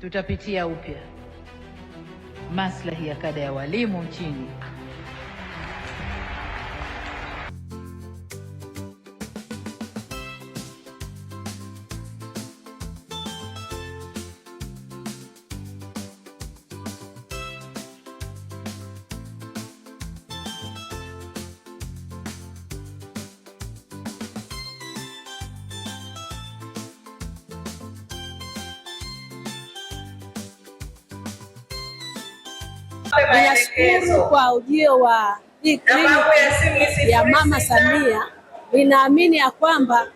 tutapitia upya maslahi ya kada ya walimu nchini. Ninashukuru kwa ujio wa hii kliniki ya Mama Samia. Ninaamini ya kwamba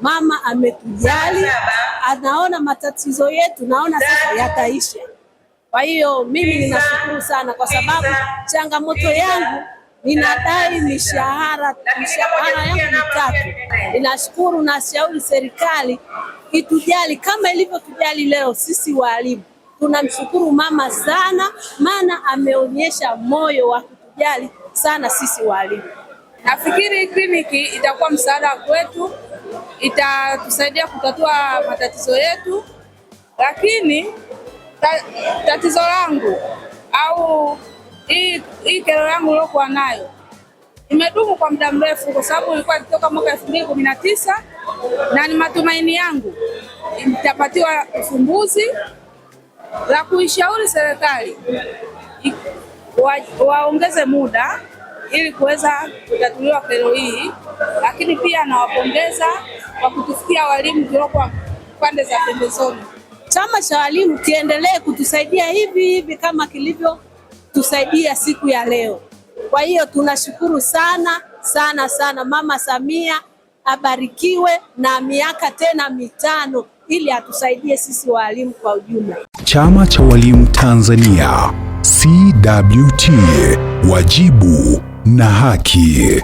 mama ametujali, anaona matatizo yetu, naona sasa yataisha. Kwa hiyo mimi ninashukuru sana, kwa sababu changamoto yangu ninadai mishahara, mishahara yangu mitatu. Ninashukuru na shauri serikali itujali kama ilivyotujali leo sisi walimu tunamshukuru mama sana, maana ameonyesha moyo wa kutujali sana sisi walimu. Nafikiri kliniki itakuwa msaada kwetu, itatusaidia kutatua matatizo yetu, lakini ta, tatizo langu au hii hii kero yangu iliyokuwa nayo imedumu kwa muda mrefu, kwa sababu ilikuwa ikitoka mwaka elfu mbili kumi na tisa na ni matumaini yangu itapatiwa ufumbuzi la kuishauri serikali waongeze wa muda ili kuweza kutatuliwa kero hii, lakini pia nawapongeza kwa kutufikia walimu kutoka pande za pembezoni. Chama cha walimu kiendelee kutusaidia hivi hivi kama kilivyotusaidia siku ya leo. Kwa hiyo tunashukuru sana sana sana, Mama Samia abarikiwe na miaka tena mitano, ili atusaidie sisi walimu kwa ujumla. Chama cha Walimu Tanzania CWT, wajibu na haki.